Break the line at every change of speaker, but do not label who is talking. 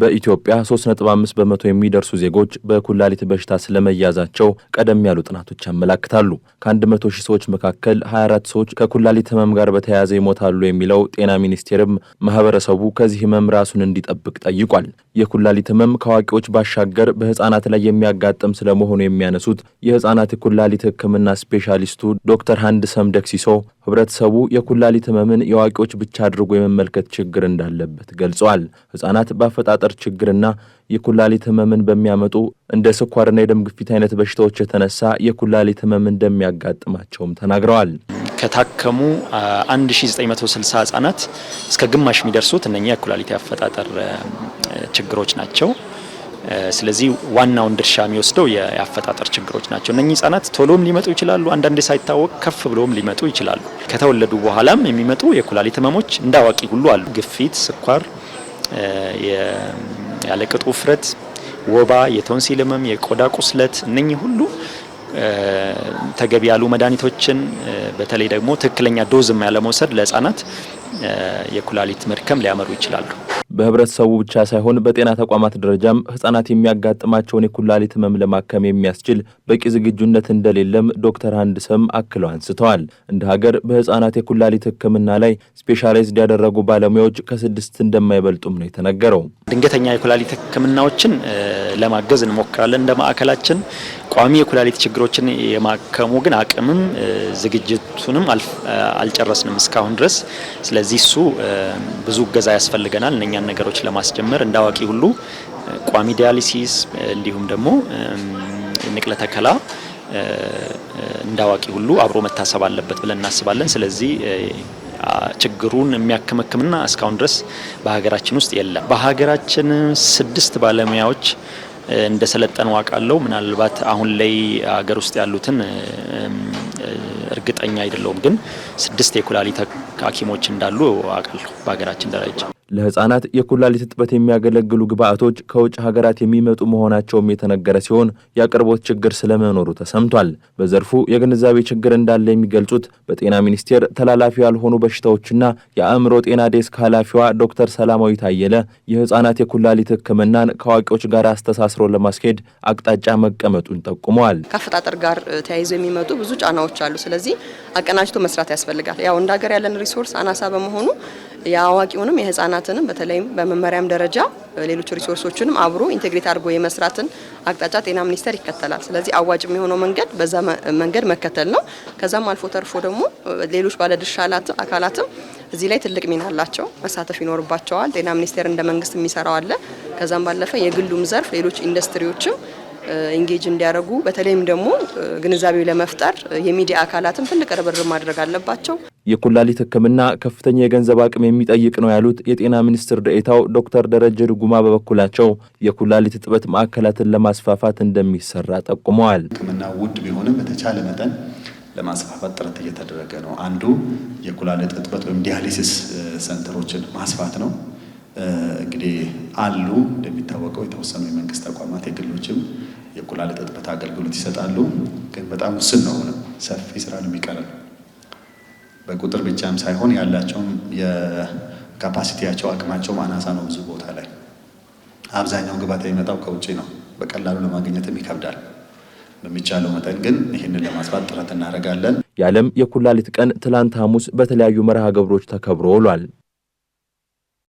በኢትዮጵያ 3.5 በመቶ የሚደርሱ ዜጎች በኩላሊት በሽታ ስለመያዛቸው ቀደም ያሉ ጥናቶች ያመላክታሉ። ከ100 ሺህ ሰዎች መካከል 24 ሰዎች ከኩላሊት ህመም ጋር በተያያዘ ይሞታሉ የሚለው ጤና ሚኒስቴርም ማህበረሰቡ ከዚህ ህመም ራሱን እንዲጠብቅ ጠይቋል። የኩላሊት ህመም ከአዋቂዎች ባሻገር በህፃናት ላይ የሚያጋጥም ስለመሆኑ የሚያነሱት የህፃናት ኩላሊት ህክምና ስፔሻሊስቱ ዶክተር ሃንድ ሰምደክሲሶ ህብረተሰቡ የኩላሊት ህመምን የአዋቂዎች ብቻ አድርጎ የመመልከት ችግር እንዳለበት ገልጿል። ህጻናት በአፈጣጠር ችግርና የኩላሊት ህመምን በሚያመጡ እንደ ስኳርና የደም ግፊት አይነት በሽታዎች የተነሳ የኩላሊት ህመም እንደሚያጋጥማቸውም ተናግረዋል።
ከታከሙ 1960 ህጻናት እስከ ግማሽ የሚደርሱት እነኛ የኩላሊት የአፈጣጠር ችግሮች ናቸው። ስለዚህ ዋናውን ድርሻ የሚወስደው የአፈጣጠር ችግሮች ናቸው። እነኚህ ህጻናት ቶሎም ሊመጡ ይችላሉ። አንዳንዴ ሳይታወቅ ከፍ ብሎም ሊመጡ ይችላሉ። ከተወለዱ በኋላም የሚመጡ የኩላሊት ህመሞች እንደ አዋቂ ሁሉ አሉ። ግፊት፣ ስኳር፣ ያለቅጡ ውፍረት፣ ወባ፣ የቶንሲል ህመም፣ የቆዳ ቁስለት እነኚህ ሁሉ ተገቢ ያሉ መድኃኒቶችን በተለይ ደግሞ ትክክለኛ ዶዝም ያለመውሰድ ለህጻናት የኩላሊት መድከም ሊያመሩ ይችላሉ።
በህብረተሰቡ ብቻ ሳይሆን በጤና ተቋማት ደረጃም ህጻናት የሚያጋጥማቸውን የኩላሊት ህመም ለማከም የሚያስችል በቂ ዝግጁነት እንደሌለም ዶክተር አንድሰም አክለው አንስተዋል። እንደ ሀገር በህጻናት የኩላሊት ህክምና ላይ ስፔሻላይዝድ ያደረጉ ባለሙያዎች ከስድስት እንደማይበልጡም ነው የተነገረው።
ድንገተኛ የኩላሊት ሕክምናዎችን ለማገዝ እንሞክራለን። እንደ ማዕከላችን ቋሚ የኩላሊት ችግሮችን የማከሙ ግን አቅምም ዝግጅቱንም አልጨረስንም እስካሁን ድረስ። ስለዚህ እሱ ብዙ እገዛ ያስፈልገናል። እነኛን ነገሮች ለማስጀመር እንደ አዋቂ ሁሉ ቋሚ ዲያሊሲስ እንዲሁም ደግሞ ንቅለ ተከላ እንዳዋቂ ሁሉ አብሮ መታሰብ አለበት ብለን እናስባለን። ስለዚህ ችግሩን የሚያከመክምና እስካሁን ድረስ በሀገራችን ውስጥ የለም። በሀገራችን ስድስት ባለሙያዎች እንደ ሰለጠኑ አውቃለሁ። ምናልባት አሁን ላይ ሀገር ውስጥ ያሉትን እርግጠኛ አይደለውም ግን ስድስት የኩላሊት ሐኪሞች እንዳሉ አውቃለሁ በሀገራችን ደረጃ
ለህፃናት የኩላሊት እጥበት የሚያገለግሉ ግብአቶች ከውጭ ሀገራት የሚመጡ መሆናቸውም የተነገረ ሲሆን የአቅርቦት ችግር ስለመኖሩ ተሰምቷል። በዘርፉ የግንዛቤ ችግር እንዳለ የሚገልጹት በጤና ሚኒስቴር ተላላፊ ያልሆኑ በሽታዎችና የአእምሮ ጤና ዴስክ ኃላፊዋ ዶክተር ሰላማዊ ታየለ የህፃናት የኩላሊት ሕክምናን ከአዋቂዎች ጋር አስተሳስሮ ለማስኬድ አቅጣጫ መቀመጡን ጠቁመዋል።
ከአፈጣጠር ጋር ተያይዞ የሚመጡ ብዙ ጫናዎች አሉ። ስለዚህ አቀናጅቶ መስራት ያስፈልጋል። ያው እንደ ሀገር ያለን ሪሶርስ አናሳ በመሆኑ የአዋቂውንም የህፃናትንም በተለይም በመመሪያም ደረጃ ሌሎች ሪሶርሶችንም አብሮ ኢንቴግሬት አድርጎ የመስራትን አቅጣጫ ጤና ሚኒስቴር ይከተላል። ስለዚህ አዋጭ የሆነው መንገድ በዛ መንገድ መከተል ነው። ከዛም አልፎ ተርፎ ደግሞ ሌሎች ባለድርሻ አካላትም እዚህ ላይ ትልቅ ሚና አላቸው፣ መሳተፍ ይኖርባቸዋል። ጤና ሚኒስቴር እንደ መንግስት የሚሰራው አለ። ከዛም ባለፈ የግሉም ዘርፍ ሌሎች ኢንዱስትሪዎችም ኢንጌጅ እንዲያደርጉ በተለይም ደግሞ ግንዛቤው ለመፍጠር የሚዲያ አካላትም ትልቅ ርብርብ ማድረግ አለባቸው።
የኩላሊት ሕክምና ከፍተኛ የገንዘብ አቅም የሚጠይቅ ነው ያሉት የጤና ሚኒስትር ደኤታው ዶክተር ደረጀ ድጉማ በበኩላቸው የኩላሊት እጥበት ማዕከላትን ለማስፋፋት እንደሚሰራ ጠቁመዋል።
ሕክምና ውድ ቢሆንም በተቻለ መጠን ለማስፋፋት ጥረት እየተደረገ ነው። አንዱ የኩላሊት እጥበት ወይም ዲያሊሲስ ሰንተሮችን ማስፋት ነው። እንግዲህ አሉ እንደሚታወቀው የተወሰኑ የመንግስት ተቋማት የግሎችም የኩላሊት እጥበት አገልግሎት ይሰጣሉ፣ ግን በጣም ውስን ነው። ሰፊ ስራ ነው የሚቀረን። በቁጥር ብቻም ሳይሆን ያላቸውም የካፓሲቲያቸው አቅማቸውም አናሳ ነው። ብዙ ቦታ ላይ አብዛኛው ግባታ የሚመጣው ከውጭ ነው። በቀላሉ ለማግኘትም ይከብዳል። በሚቻለው መጠን ግን ይህንን ለማስፋት ጥረት እናደርጋለን።
የዓለም የኩላሊት ቀን ትላንት ሐሙስ በተለያዩ መርሃ ግብሮች ተከብሮ ውሏል።